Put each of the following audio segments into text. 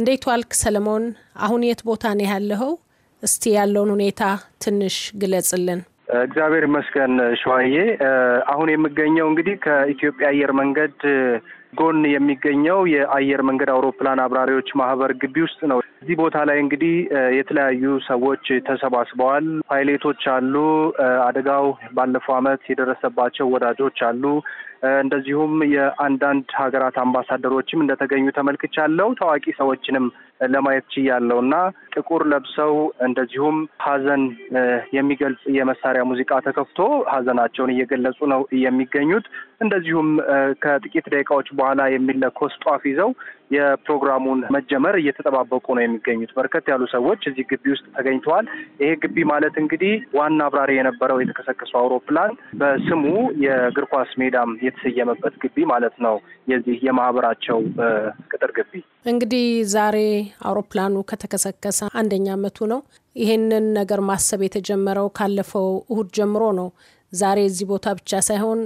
እንዴት ዋልክ ሰለሞን? አሁን የት ቦታ ነው ያለኸው? እስቲ ያለውን ሁኔታ ትንሽ ግለጽልን። እግዚአብሔር ይመስገን ሸዋዬ። አሁን የምገኘው እንግዲህ ከኢትዮጵያ አየር መንገድ ጎን የሚገኘው የአየር መንገድ አውሮፕላን አብራሪዎች ማህበር ግቢ ውስጥ ነው። እዚህ ቦታ ላይ እንግዲህ የተለያዩ ሰዎች ተሰባስበዋል። ፓይሌቶች አሉ፣ አደጋው ባለፈው ዓመት የደረሰባቸው ወዳጆች አሉ፣ እንደዚሁም የአንዳንድ ሀገራት አምባሳደሮችም እንደተገኙ ተመልክቻለሁ። ታዋቂ ሰዎችንም ለማየት ችያለሁ እና ጥቁር ለብሰው እንደዚሁም ሀዘን የሚገልጽ የመሳሪያ ሙዚቃ ተከፍቶ ሀዘናቸውን እየገለጹ ነው የሚገኙት። እንደዚሁም ከጥቂት ደቂቃዎች በኋላ የሚለኮስ ጧፍ ይዘው የፕሮግራሙን መጀመር እየተጠባበቁ ነው የሚገኙት። በርከት ያሉ ሰዎች እዚህ ግቢ ውስጥ ተገኝተዋል። ይሄ ግቢ ማለት እንግዲህ ዋና አብራሪ የነበረው የተከሰከሰው አውሮፕላን በስሙ የእግር ኳስ ሜዳም የተሰየመበት ግቢ ማለት ነው። የዚህ የማህበራቸው ቅጥር ግቢ እንግዲህ ዛሬ አውሮፕላኑ ከተከሰከሰ አንደኛ አመቱ ነው። ይሄንን ነገር ማሰብ የተጀመረው ካለፈው እሁድ ጀምሮ ነው። ዛሬ እዚህ ቦታ ብቻ ሳይሆን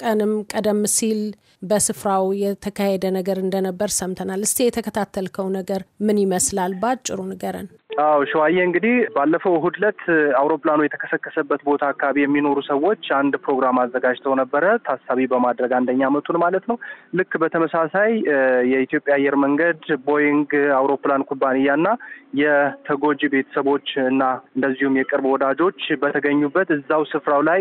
ቀንም ቀደም ሲል በስፍራው የተካሄደ ነገር እንደነበር ሰምተናል። እስቲ የተከታተልከው ነገር ምን ይመስላል? በአጭሩ ንገረን። አዎ ሸዋዬ እንግዲህ ባለፈው እሁድ ዕለት አውሮፕላኑ የተከሰከሰበት ቦታ አካባቢ የሚኖሩ ሰዎች አንድ ፕሮግራም አዘጋጅተው ነበረ ታሳቢ በማድረግ አንደኛ ዓመቱን ማለት ነው። ልክ በተመሳሳይ የኢትዮጵያ አየር መንገድ ቦይንግ አውሮፕላን ኩባንያና የተጎጂ ቤተሰቦች እና እንደዚሁም የቅርብ ወዳጆች በተገኙበት እዛው ስፍራው ላይ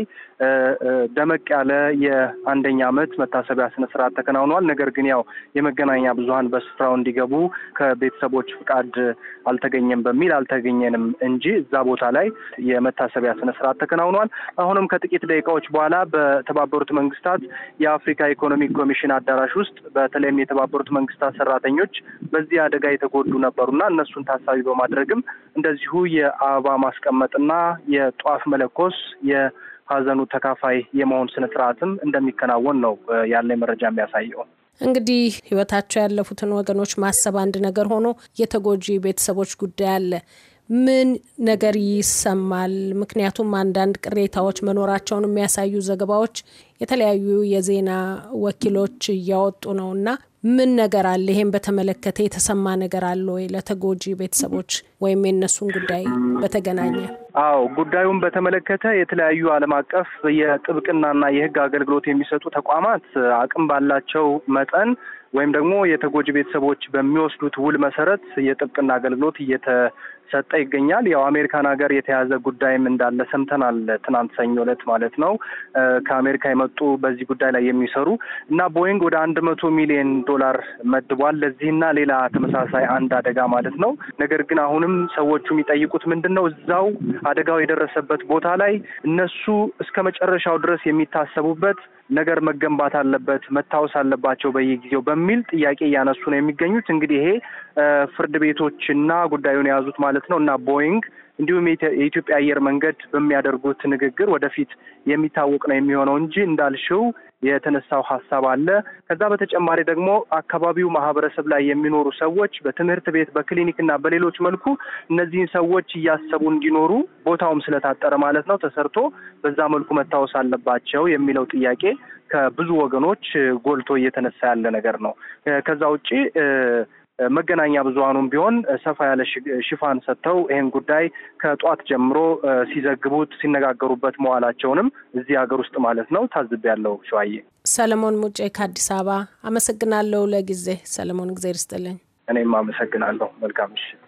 ደመቅ ያለ የአንደኛ አመት መታሰቢያ ስነስርዓት ተከናውኗል። ነገር ግን ያው የመገናኛ ብዙሀን በስፍራው እንዲገቡ ከቤተሰቦች ፍቃድ አልተገኘም በሚል በሚል አልተገኘንም እንጂ እዛ ቦታ ላይ የመታሰቢያ ስነስርዓት ተከናውኗል። አሁንም ከጥቂት ደቂቃዎች በኋላ በተባበሩት መንግስታት የአፍሪካ ኢኮኖሚክ ኮሚሽን አዳራሽ ውስጥ በተለይም የተባበሩት መንግስታት ሰራተኞች በዚህ አደጋ የተጎዱ ነበሩና እነሱን ታሳቢ በማድረግም እንደዚሁ የአበባ ማስቀመጥና የጧፍ መለኮስ የሀዘኑ ተካፋይ የመሆን ስነስርዓትም እንደሚከናወን ነው ያለ መረጃ የሚያሳየው። እንግዲህ ህይወታቸው ያለፉትን ወገኖች ማሰብ አንድ ነገር ሆኖ የተጎጂ ቤተሰቦች ጉዳይ አለ። ምን ነገር ይሰማል? ምክንያቱም አንዳንድ ቅሬታዎች መኖራቸውን የሚያሳዩ ዘገባዎች የተለያዩ የዜና ወኪሎች እያወጡ ነው እና ምን ነገር አለ? ይሄን በተመለከተ የተሰማ ነገር አለ ወይ? ለተጎጂ ቤተሰቦች ወይም የእነሱን ጉዳይ በተገናኘ አዎ ጉዳዩን በተመለከተ የተለያዩ ዓለም አቀፍ የጥብቅናና የሕግ አገልግሎት የሚሰጡ ተቋማት አቅም ባላቸው መጠን ወይም ደግሞ የተጎጂ ቤተሰቦች በሚወስዱት ውል መሰረት የጥብቅና አገልግሎት እየተሰጠ ይገኛል። ያው አሜሪካን ሀገር የተያዘ ጉዳይም እንዳለ ሰምተናል። ትናንት ሰኞ ዕለት ማለት ነው። ከአሜሪካ የመጡ በዚህ ጉዳይ ላይ የሚሰሩ እና ቦይንግ ወደ አንድ መቶ ሚሊዮን ዶላር መድቧል ለዚህና ሌላ ተመሳሳይ አንድ አደጋ ማለት ነው። ነገር ግን አሁንም ሰዎቹ የሚጠይቁት ምንድን ነው እዛው አደጋው የደረሰበት ቦታ ላይ እነሱ እስከ መጨረሻው ድረስ የሚታሰቡበት ነገር መገንባት አለበት፣ መታወስ አለባቸው በየጊዜው በሚል ጥያቄ እያነሱ ነው የሚገኙት። እንግዲህ ይሄ ፍርድ ቤቶችና ጉዳዩን የያዙት ማለት ነው እና ቦይንግ እንዲሁም የኢትዮጵያ አየር መንገድ በሚያደርጉት ንግግር ወደፊት የሚታወቅ ነው የሚሆነው እንጂ እንዳልሽው የተነሳው ሀሳብ አለ። ከዛ በተጨማሪ ደግሞ አካባቢው ማህበረሰብ ላይ የሚኖሩ ሰዎች በትምህርት ቤት፣ በክሊኒክ እና በሌሎች መልኩ እነዚህን ሰዎች እያሰቡ እንዲኖሩ ቦታውም ስለታጠረ ማለት ነው ተሰርቶ በዛ መልኩ መታወስ አለባቸው የሚለው ጥያቄ ከብዙ ወገኖች ጎልቶ እየተነሳ ያለ ነገር ነው። ከዛ ውጪ መገናኛ ብዙኃኑም ቢሆን ሰፋ ያለ ሽፋን ሰጥተው ይህን ጉዳይ ከጧት ጀምሮ ሲዘግቡት ሲነጋገሩበት መዋላቸውንም እዚህ ሀገር ውስጥ ማለት ነው ታዝብ ያለው ሸዋዬ። ሰለሞን ሙጬ ከአዲስ አበባ አመሰግናለሁ። ለጊዜ ሰለሞን፣ እግዜር ይስጥልኝ። እኔም አመሰግናለሁ። መልካም ምሽት።